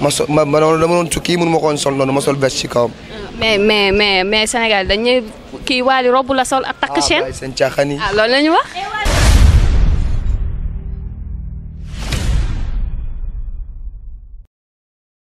ma so ma ma dama doon tukki mënu ma ko woon sol noonu ma sol veste ci kawam. mais mais mais mais Sénégal dañuy kii waali robu la sol ak. takk ah, chaîne ah waaye wax.